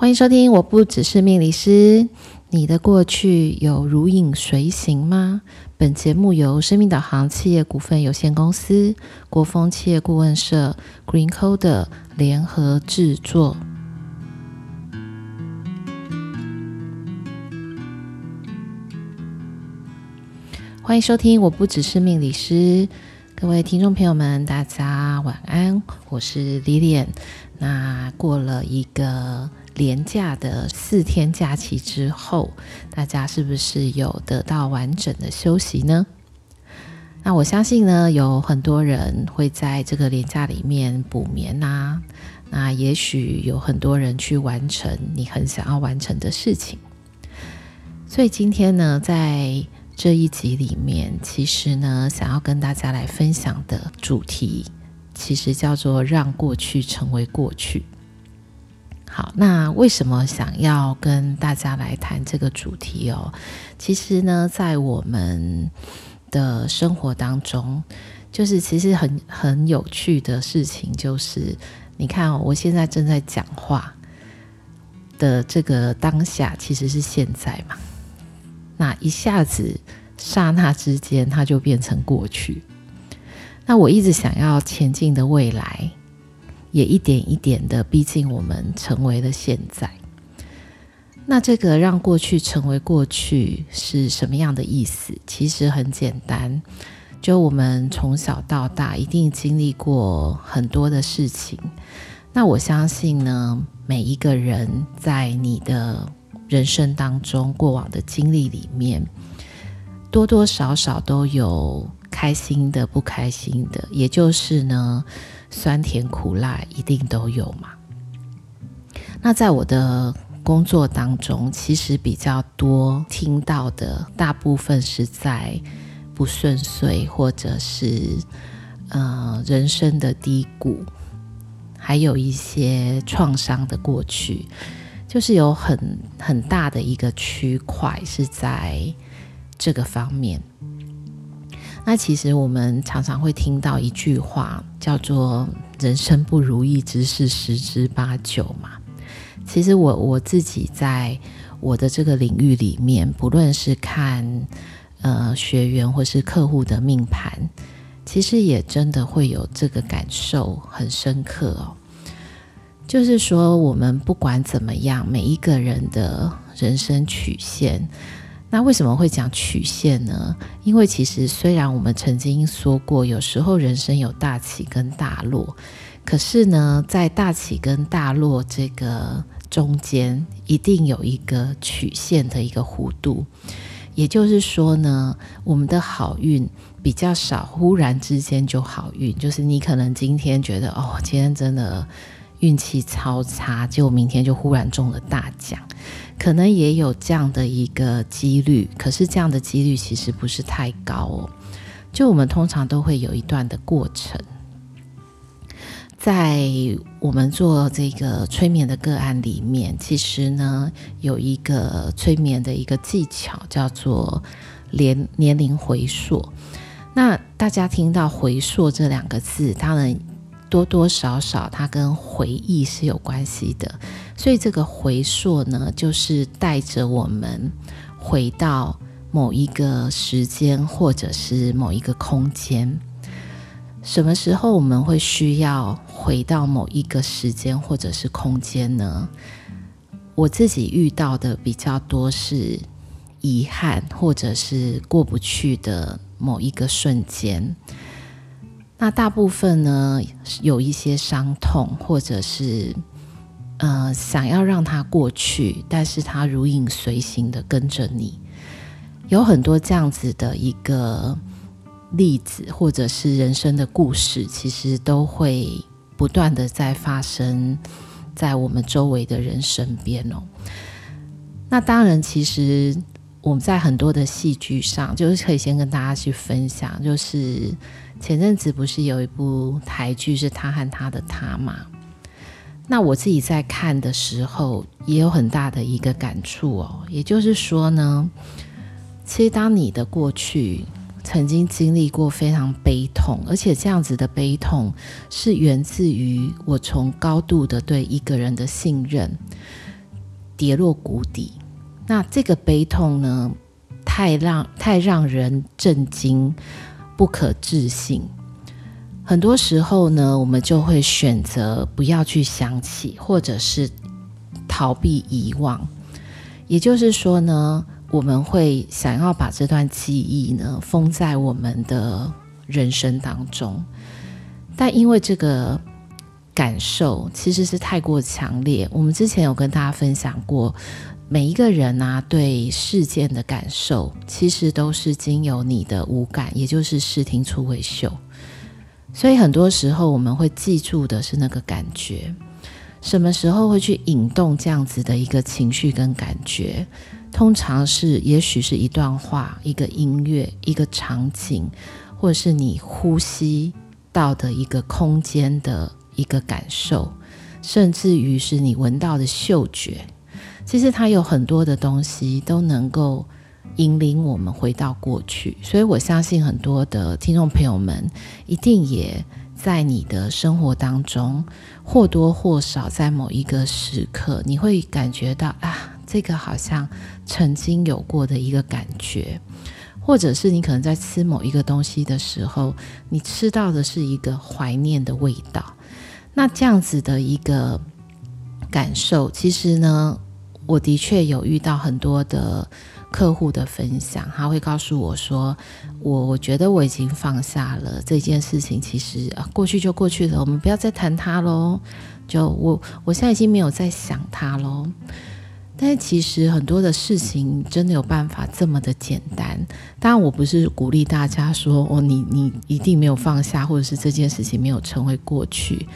歡迎收聽，我不只是命理師。你的過去有如影隨形嗎？本節目由生命導航企業股份有限公司、國峰企業顧問社、GreenCoder 聯合制作。歡迎收聽，我不只是命理師。各位聽眾朋友們，大家晚安，我是 Lilian。那過了一個連假的四天假期之後，大家是不是有得到完整的休息呢？那我相信呢，有很多人會在這個連假裡面補眠呐、啊。那也許有很多人去完成你很想要完成的事情。所以今天呢，在這一集裡面，其實呢，想要跟大家來分享的主題，其實叫做“讓過去成為過去”。好，那為什麼想要跟大家來談這個主題哦？其實呢，在我們的生活當中，就是其實很很有趣的事情，就是你看哦，我現在正在講話的這個當下，其實是現在嘛。那一下子，剎那之間，它就變成過去。那我一直想要前進的未來。也一點一點的逼近，我們成為了現在。那這個讓過去成為過去是什麼樣的意思？其實很簡單，就我們從小到大一定經歷過很多的事情。那我相信呢，每一個人在你的人生當中，過往的經歷裡面，多多少少都有開心的、不開心的，也就是呢。酸甜苦辣一定都有嘛？那在我的工作當中，其實比較多聽到的，大部分是在不順遂，或者是呃人生的低谷，還有一些創傷的過去，就是有很很大的一個區塊是在這個方面。那其實我們常常會聽到一句話。叫做人生不如意之事十之八九嘛。其實我我自己在我的這個領域裡面，不論是看呃學員或是客戶的命盤，其實也真的會有這個感受很深刻哦。就是說，我們不管怎麼樣，每一個人的人生曲線。那為什麼會講曲線呢？因為其實雖然我們曾經說過，有時候人生有大起跟大落，可是呢，在大起跟大落這個中間，一定有一個曲線的一個弧度。也就是說呢，我們的好運比較少，忽然之間就好運，就是你可能今天覺得哦，今天真的運氣超差，結果明天就忽然中了大獎。可能也有這樣的一個幾率，可是這樣的幾率其實不是太高哦。就我們通常都會有一段的過程，在我們做這個催眠的個案裡面，其實呢，有一個催眠的一個技巧叫做年年齡回溯。那大家聽到“回溯”這兩個字，當然多多少少它跟回憶是有關係的。所以這個回溯呢，就是帶着我們回到某一個時間或者是某一個空間。什麼時候我們會需要回到某一個時間或者是空間呢？我自己遇到的比較多是遺憾或者是過不去的某一個瞬間。那大部分呢，有一些傷痛或者是。呃，想要讓它過去，但是它如影隨形的跟着你，有很多這樣子的一個例子，或者是人生的故事，其實都會不斷的在發生在我們周圍的人身邊哦。那當然，其實我們在很多的戲劇上，就是可以先跟大家去分享，就是前陣子不是有一部台劇是《他和他的他》嗎？那我自己在看的時候，也有很大的一個感觸哦。也就是說呢，其實當你的過去曾經經歷過非常悲痛，而且這樣子的悲痛是源自於我從高度的對一個人的信任跌落谷底，那這個悲痛呢，太讓太讓人震驚，不可置信。很多時候呢，我們就會選擇不要去想起，或者是逃避遺忘。也就是說呢，我們會想要把這段記憶呢封在我們的人生當中。但因為這個感受其實是太過強烈，我們之前有跟大家分享過，每一個人呢、啊、對事件的感受，其實都是經由你的五感，也就是視聽觸味嗅。所以很多時候，我們會記住的是那個感覺，什麼時候會去引動這樣子的一個情緒跟感覺，通常是也許是一段話、一個音樂、一個場景，或者是你呼吸到的一個空間的一個感受，甚至於是你聞到的嗅覺。其實它有很多的東西都能夠。引領我們回到過去，所以我相信很多的聽眾朋友們一定也在你的生活當中，或多或少在某一個時刻，你會感覺到啊，這個好像曾經有過的一個感覺，或者是你可能在吃某一個東西的時候，你吃到的是一個懷念的味道。那這樣子的一個感受，其實呢，我的確有遇到很多的。客戶的分享，他會告訴我說：“我我覺得我已經放下了這件事情，其實啊，過去就過去了，我們不要再談它嘍。就我我現在已經沒有在想它嘍。但其實很多的事情真的有辦法這麼的簡單。當然，我不是鼓勵大家說哦，你你一定沒有放下，或者是這件事情沒有成為過去。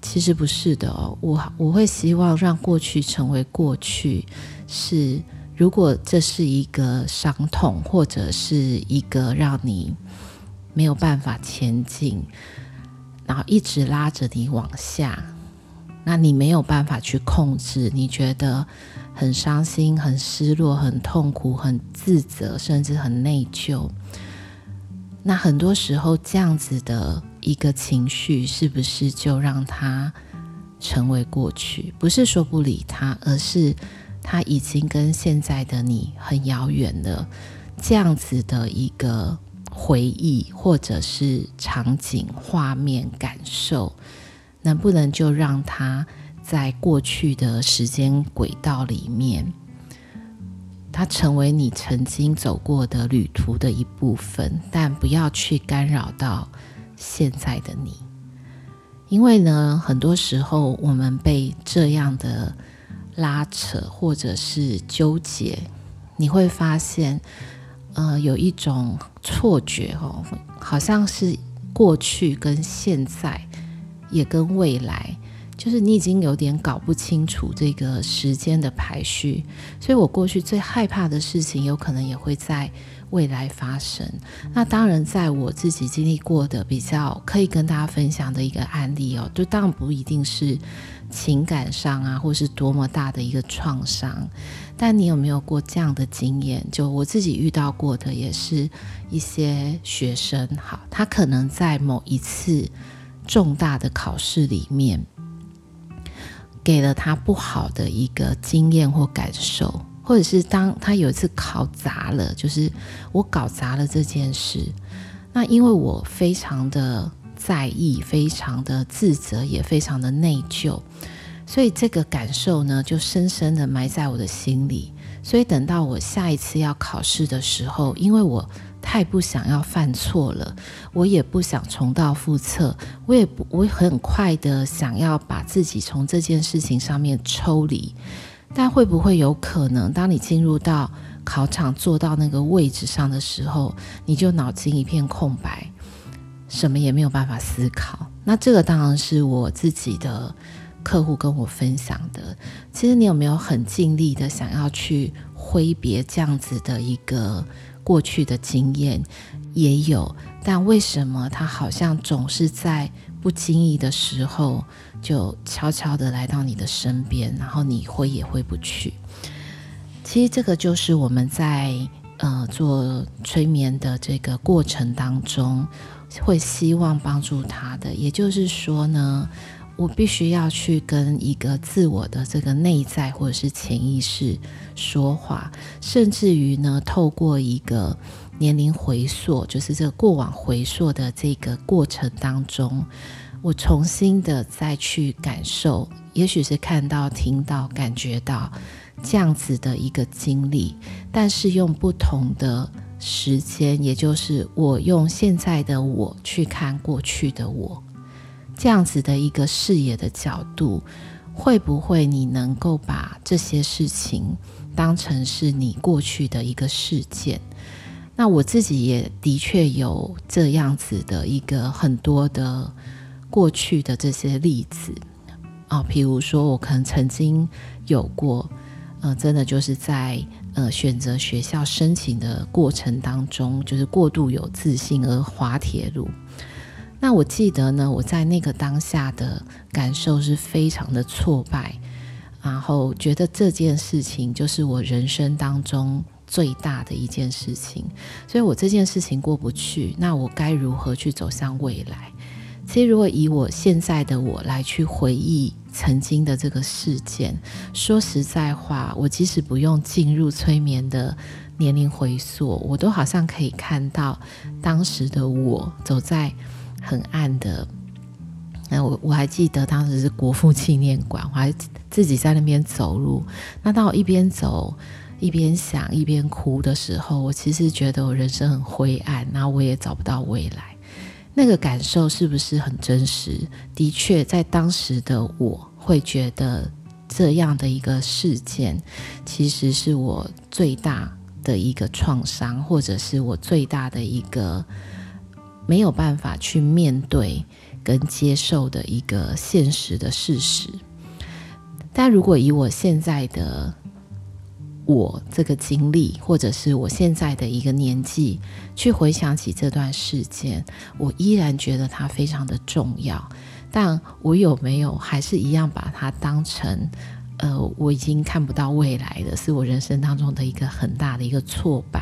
其實不是的哦，我我會希望讓過去成為過去是。”如果這是一個傷痛，或者是一個讓你沒有辦法前進，然後一直拉着你往下，那你沒有辦法去控制，你覺得很傷心、很失落、很痛苦、很自責，甚至很內疚。那很多時候，這樣子的一個情緒，是不是就讓它成為過去？不是說不理它，而是。他已經跟現在的你很遙遠了，這樣子的一個回憶或者是場景、畫面、感受，能不能就讓它在過去的時間軌道裡面，它成為你曾經走過的旅途的一部分？但不要去干擾到現在的你，因為呢，很多時候我們被這樣的。拉扯或者是糾結，你會發現，呃，有一種錯覺哦，好像是過去跟現在，也跟未來，就是你已經有點搞不清楚這個時間的排序。所以我過去最害怕的事情，有可能也會在。未來發生，那當然在我自己經歷過的比較可以跟大家分享的一個案例哦，就當然不一定是情感上啊，或是多麼大的一個創傷。但你有沒有過這樣的經驗？就我自己遇到過的，也是一些學生，哈，他可能在某一次重大的考試裡面，給了他不好的一個經驗或感受。或者是當他有一次考砸了，就是我搞砸了這件事，那因為我非常的在意，非常的自責，也非常的內疚，所以這個感受呢，就深深的埋在我的心裡。所以等到我下一次要考試的時候，因為我太不想要犯錯了，我也不想重蹈覆轍，我也不我很快的想要把自己從這件事情上面抽離。但會不會有可能，當你進入到考場，坐到那個位置上的時候，你就腦筋一片空白，什麼也沒有辦法思考？那這個當然是我自己的客戶跟我分享的。其實你有沒有很盡力的想要去揮別這樣子的一個過去的經驗？也有，但為什麼他好像總是在……不經意的時候，就悄悄的來到你的身邊，然後你回也回不去。其實這個就是我們在呃做催眠的這個過程當中，會希望幫助他的。也就是說呢，我必須要去跟一個自我的這個內在或者是潛意識說話，甚至於呢，透過一個。年齡回溯，就是這個過往回溯的這個過程當中，我重新的再去感受，也許是看到、聽到、感覺到這樣子的一個經歷，但是用不同的時間，也就是我用現在的我去看過去的我，這樣子的一個視野的角度，會不會你能夠把這些事情當成是你過去的一個事件？那我自己也的確有這樣子的一個很多的過去的這些例子啊，譬如說我可能曾經有過，呃，真的就是在呃選擇學校申請的過程當中，就是過度有自信而滑鐵盧。那我記得呢，我在那個當下的感受是非常的挫敗，然後覺得這件事情就是我人生當中。最大的一件事情，所以我這件事情過不去，那我該如何去走向未來？其實，如果以我現在的我來去回憶曾經的這個事件，說實在話，我即使不用進入催眠的年齡回溯，我都好像可以看到當時的我走在很暗的，那我我還記得當時是國父紀念館，我還自己在那邊走路，那到我一邊走，一邊想一邊哭的時候，我其實覺得我人生很灰暗，然後我也找不到未來。那個感受是不是很真實？的確，在當時的我會覺得這樣的一個事件，其實是我最大的一個創傷，或者是我最大的一個沒有辦法去面對跟接受的一個現實的事實。但如果以我現在的我這個經歷，或者是我現在的一個年紀，去回想起這段事件，我依然覺得它非常的重要。但我有沒有還是一樣把它當成，呃，我已經看不到未來了，是我人生當中的一個很大的一個挫敗。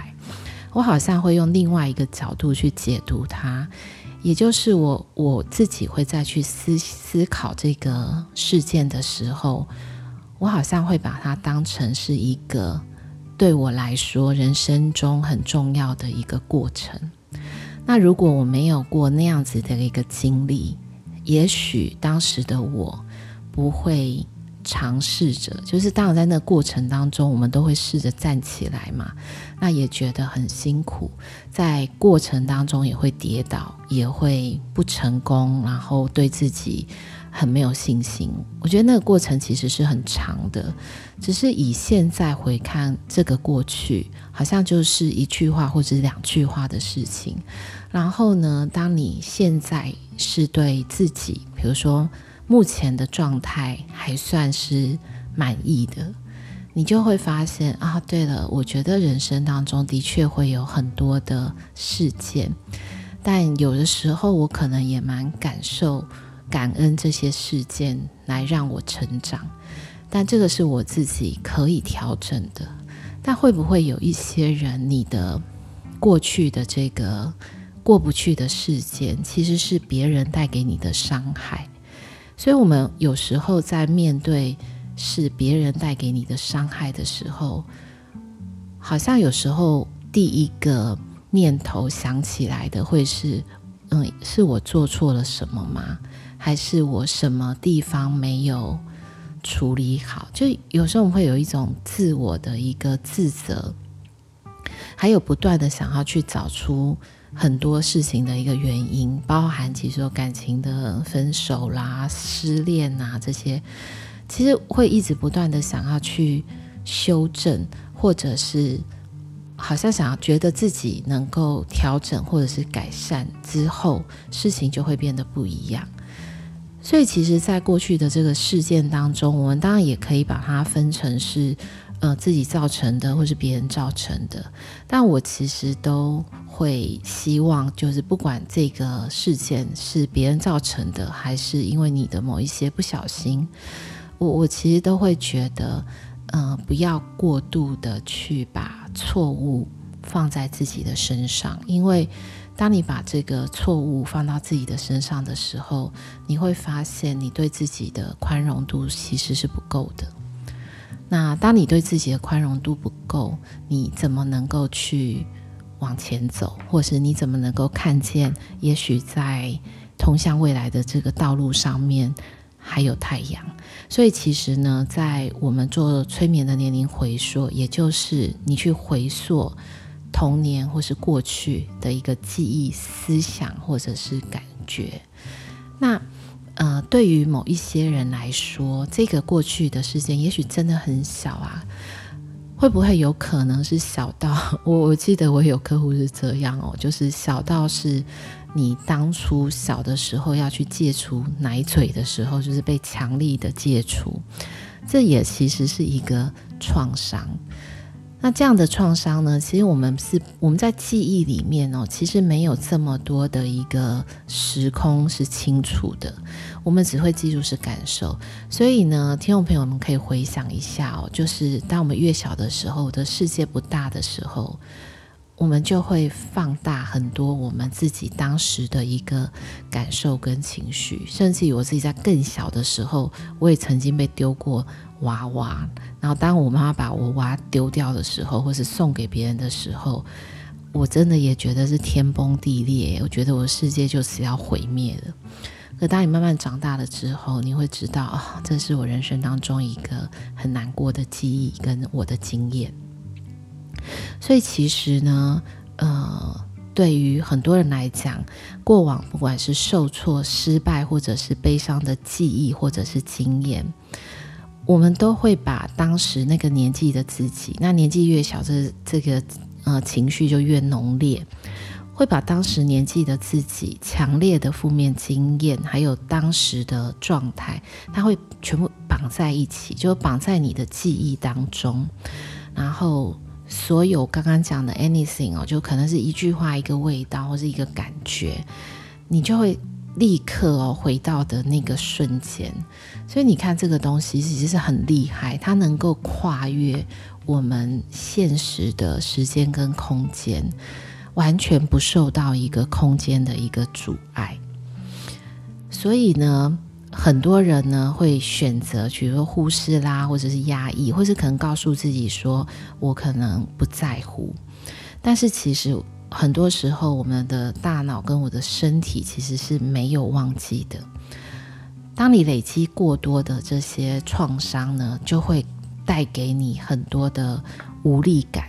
我好像會用另外一個角度去解讀它，也就是我我自己會再去思思考這個事件的時候。我好像會把它當成是一個對我來說人生中很重要的一個過程。那如果我沒有過那樣子的一個經歷，也許當時的我不會嘗試着。就是當然在那個過程當中，我們都會試着站起來嘛。那也覺得很辛苦，在過程當中也會跌倒，也會不成功，然後對自己，很沒有信心，我覺得那個過程其實是很長的，只是以現在回看這個過去，好像就是一句話或者兩句話的事情。然後呢，當你現在是對自己，比如說目前的狀態還算是滿意的，你就會發現啊，對了，我覺得人生當中的確會有很多的事件，但有的時候我可能也蠻感受。感恩這些事件來讓我成長，但這個是我自己可以調整的。但會不會有一些人，你的過去的這個過不去的事件，其實是別人帶給你的傷害？所以我們有時候在面對是別人帶給你的傷害的時候，好像有時候第一個念頭想起來的會是：嗯，是我做錯了什麼嗎？還是我什麼地方沒有處理好？就有時候我們會有一種自我的一個自責，還有不斷的想要去找出很多事情的一個原因，包含其實說感情的分手啦、失戀啦、啊、這些，其實會一直不斷的想要去修正，或者是好像想要覺得自己能夠調整或者是改善之後，事情就會變得不一樣。所以，其實，在過去的這個事件當中，我們當然也可以把它分成是，呃，自己造成的，或是別人造成的。但我其實都會希望，就是不管這個事件是別人造成的，還是因為你的某一些不小心，我我其實都會覺得，嗯、呃，不要過度的去把錯誤放在自己的身上，因為。當你把這個錯誤放到自己的身上的時候，你會發現你對自己的寬容度其實是不夠的。那當你對自己的寬容度不夠，你怎麼能夠去往前走？或是你怎麼能夠看見，也許在通向未來的這個道路上面還有太陽？所以其實呢，在我們做催眠的年齡回溯，也就是你去回溯。童年或是過去的一個記憶、思想或者是感覺，那呃，對於某一些人來說，這個過去的時間也許真的很小啊，會不會有可能是小到我我記得我有客戶是這樣哦，就是小到是你當初小的時候要去戒除奶嘴的時候，就是被強力的戒除，這也其實是一個創傷。那這樣的創傷呢，其實我們是我們在記憶裡面哦,其實沒有這麼多的一個時空是清楚的，我們只會記住是感受。所以呢，聽眾朋友們可以回想一下哦，就是當我們越小的時候，我的世界不大的時候。我們就會放大很多我們自己當時的一個感受跟情緒，甚至於我自己在更小的時候，我也曾經被丟過娃娃。然後當我媽媽把我娃娃丟掉的時候，或是送給別人的時候，我真的也覺得是天崩地裂，我覺得我的世界就是要毀滅了。可當你慢慢長大了之後，你會知道，這是我人生當中一個很難過的記憶跟我的經驗。所以其實呢，呃，對於很多人來講，過往不管是受挫、失敗，或者是悲傷的記憶，或者是經驗，我們都會把當時那個年紀的自己，那年紀越小，這這個呃情緒就越濃烈，會把當時年紀的自己強烈的負面經驗，還有當時的狀態，它會全部綁在一起，就綁在你的記憶當中，然後。所有剛剛講的 anything 哦，就可能是一句話、一個味道或者是一個感覺，你就會立刻哦回到的那個瞬間。所以你看，這個東西其實是很厲害，它能夠跨越我們現實的時間跟空間，完全不受到一個空間的一個阻礙。所以呢。很多人呢會選擇，比如說忽視啦，或者是壓抑，或是可能告訴自己說“我可能不在乎”。但是其實很多時候，我們的大腦跟我的身體其實是沒有忘記的。當你累積過多的這些創傷呢，就會帶給你很多的無力感，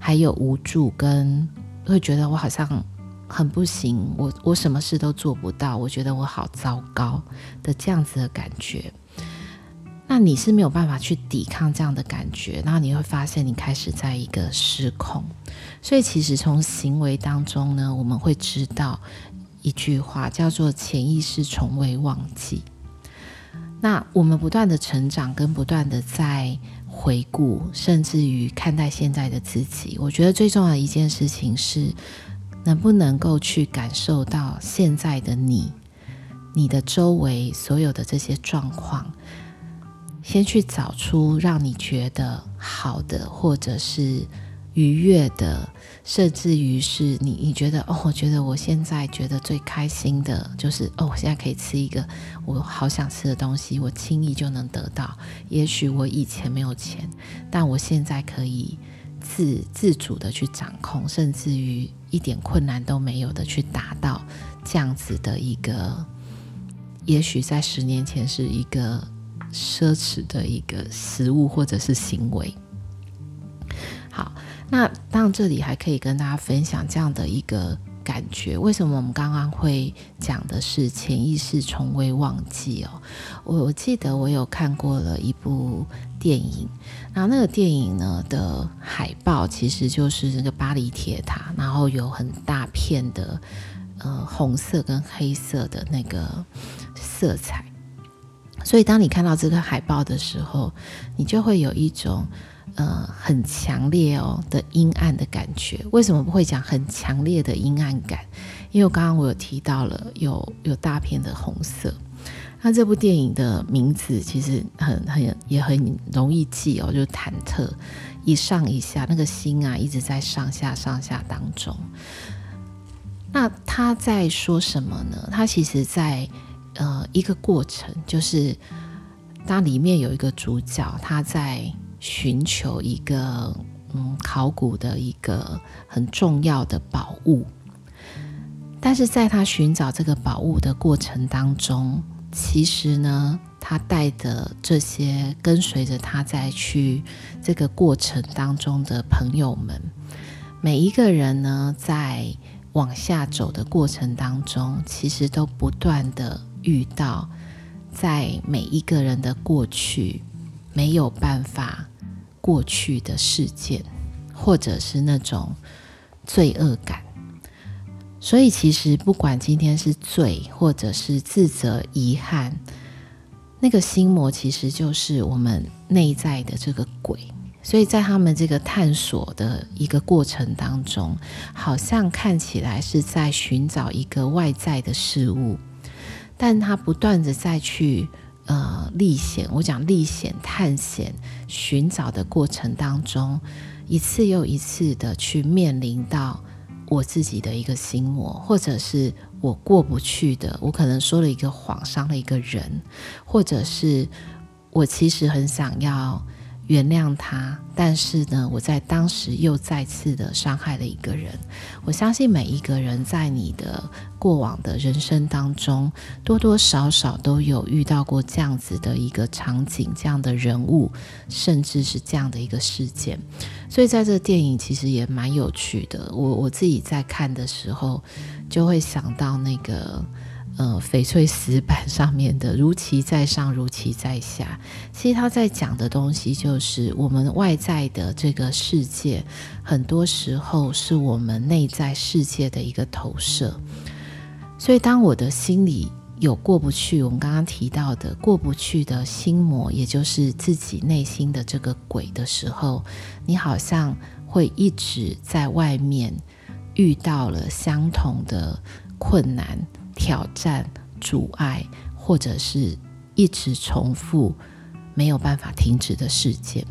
還有無助跟，跟會覺得我好像。很不行，我我什麼事都做不到，我覺得我好糟糕的這樣子的感覺。那你是沒有辦法去抵抗這樣的感覺，然後你會發現你開始在一個失控。所以其實從行為當中呢，我們會知道一句話叫做“潛意識從未忘記”。那我們不斷的成長，跟不斷的在回顧，甚至於看待現在的自己。我覺得最重要的一件事情是。能不能夠去感受到現在的你，你的周圍所有的這些狀況，先去找出讓你覺得好的，或者是愉悅的，甚至於是你你覺得哦，我覺得我現在覺得最開心的就是哦，我現在可以吃一個我好想吃的東西，我輕易就能得到。也許我以前沒有錢，但我現在可以，自自主的去掌控，甚至於一點困難都沒有的去達到這樣子的一個，也許在十年前是一個奢侈的一個食物或者是行為。好，那到這裡還可以跟大家分享這樣的一個感覺，為什麼我們剛剛會講的是潛意識從未忘記哦？我我記得我有看過了一部。電影，然後那個電影呢的海報，其實就是那個巴黎鐵塔，然後有很大片的呃紅色跟黑色的那個色彩，所以當你看到這個海報的時候，你就會有一種呃很強烈哦的陰暗的感覺。為什麼不會講很強烈的陰暗感？因為我剛剛我有提到了，有有大片的紅色。那這部電影的名字其實很很也很容易記哦，就是《忐忑》，一上一下，那個心啊一直在上下上下當中。那他在說什麼呢？他其實在呃一個過程，就是他裡面有一個主角，他在尋求一個嗯考古的一個很重要的寶物，但是在他尋找這個寶物的過程當中。其實呢，他帶的這些跟隨着他在去這個過程當中的朋友們，每一個人呢，在往下走的過程當中，其實都不斷的遇到在每一個人的過去沒有辦法過去的事件，或者是那種罪惡感。所以，其實不管今天是罪，或者是自責、遺憾，那個心魔其實就是我們內在的這個鬼。所以在他們這個探索的一個過程當中，好像看起來是在尋找一個外在的事物，但他不斷的再去呃歷險。我講歷險、探險、尋找的過程當中，一次又一次的去面臨到。我自己的一個心魔，或者是我過不去的，我可能說了一個謊，傷了一個人，或者是我其實很想要。原諒他，但是呢，我在當時又再次的傷害了一個人。我相信每一個人在你的過往的人生當中，多多少少都有遇到過這樣子的一個場景、這樣的人物，甚至是這樣的一個事件。所以，在這個電影其實也蠻有趣的。我我自己在看的時候，就會想到那個。呃，翡翠石板上面的“如其在上，如其在下”，其實他在講的東西就是我們外在的這個世界，很多時候是我們內在世界的一個投射。所以，當我的心裡有過不去，我們剛剛提到的過不去的心魔，也就是自己內心的這個鬼的時候，你好像會一直在外面遇到了相同的困難。挑戰、阻礙，或者是一直重複沒有辦法停止的事件，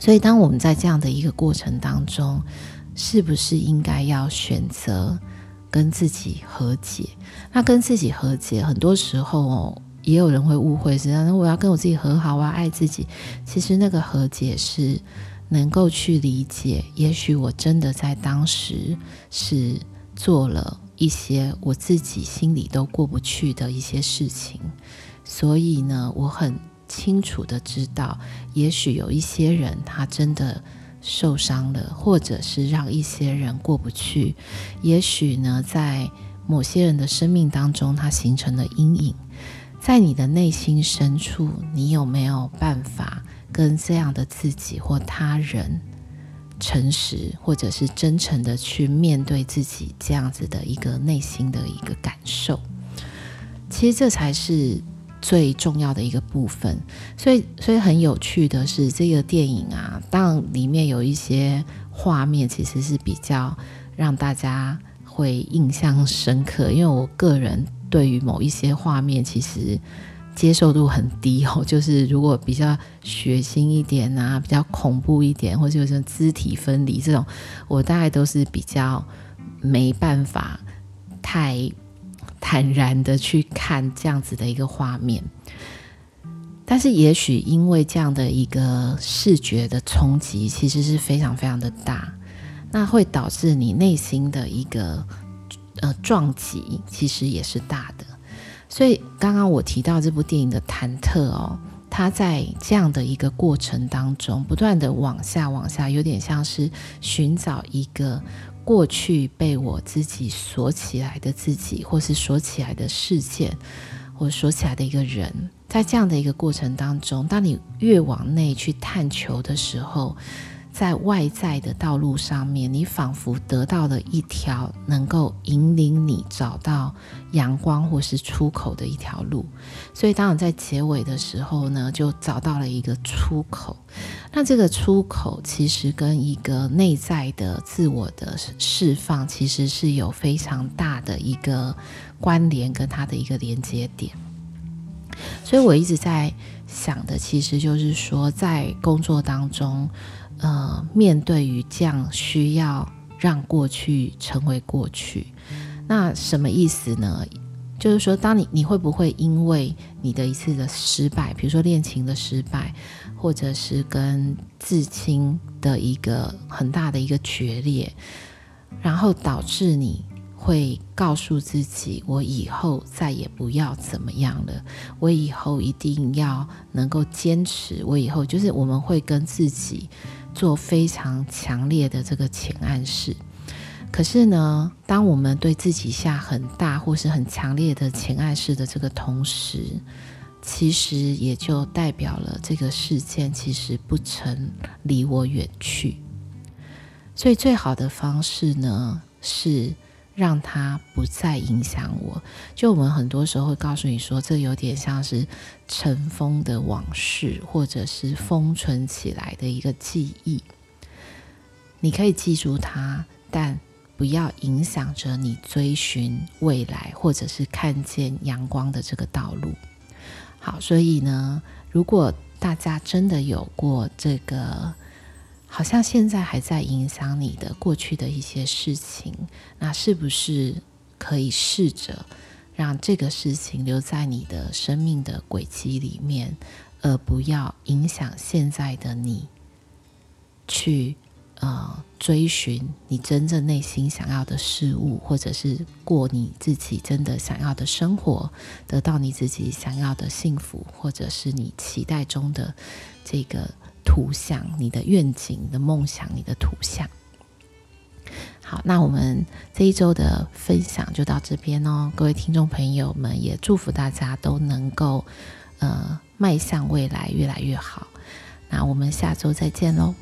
所以當我們在這樣的一個過程當中，是不是應該要選擇跟自己和解？那跟自己和解，很多時候哦，也有人會誤會是，我要跟我自己和好，我要愛自己。其實那個和解是能夠去理解，也許我真的在當時是做了。一些我自己心裡都過不去的一些事情，所以呢，我很清楚的知道，也許有一些人他真的受傷了，或者是讓一些人過不去。也許呢，在某些人的生命當中，他形成了陰影。在你的內心深處，你有沒有辦法跟這樣的自己或他人，誠實，或者是真誠的去面對自己這樣子的一個內心的一個感受，其實這才是最重要的一個部分。所以，所以很有趣的是，這個電影啊，當裡面有一些畫面，其實是比較讓大家會印象深刻。因為我個人對於某一些畫面，其實。接受度很低哦，就是如果比較血腥一點啊，比較恐怖一點，或者有什麼肢體分離這種，我大概都是比較沒辦法太坦然的去看這樣子的一個畫面。但是，也許因為這樣的一個視覺的衝擊，其實是非常非常的大，那會導致你內心的一個呃撞擊，其實也是大的。所以，剛剛我提到這部電影的忐忑哦，它在這樣的一個過程當中，不斷的往下往下，有點像是尋找一個過去被我自己鎖起來的自己，或是鎖起來的事件，或鎖起來的一個人。在這樣的一個過程當中，當你越往內去探求的時候，在外在的道路上面，你仿佛得到了一條能夠引領你找到陽光或是出口的一條路，所以當你在結尾的時候呢，就找到了一個出口。那這個出口其實跟一個內在的自我的釋放，其實是有非常大的一個關聯跟它的一個連接點。所以我一直在想的，其實就是說，在工作當中。呃，面對於這樣需要讓過去成為過去，那什麼意思呢？就是說，當你你會不會因為你的一次的失敗，比如說戀情的失敗，或者是跟至親的一個很大的一個決裂，然後導致你會告訴自己，我以後再也不要怎麼樣了，我以後一定要能夠堅持，我以後就是我們會跟自己。做非常強烈的這個情暗示，可是呢，當我們對自己下很大或是很強烈的情暗示的這個同時，其實也就代表了這個事件其實不曾離我遠去。所以，最好的方式呢是，讓它不再影響我。就我們很多時候會告訴你說，這有點像是塵封的往事，或者是封存起來的一個記憶。你可以記住它，但不要影響着你追尋未來，或者是看見陽光的這個道路。好，所以呢，如果大家真的有過這個。好像現在還在影響你的過去的一些事情，那是不是可以試着讓這個事情留在你的生命的軌跡裡面，而不要影響現在的你去呃追尋你真正內心想要的事物，或者是過你自己真的想要的生活，得到你自己想要的幸福，或者是你期待中的這個。圖像，你的願景、你的夢想、你的圖像。好，那我們這一周的分享就到這邊囉，各位聽眾朋友們，也祝福大家都能夠呃邁向未來越來越好。那我們下周再見囉。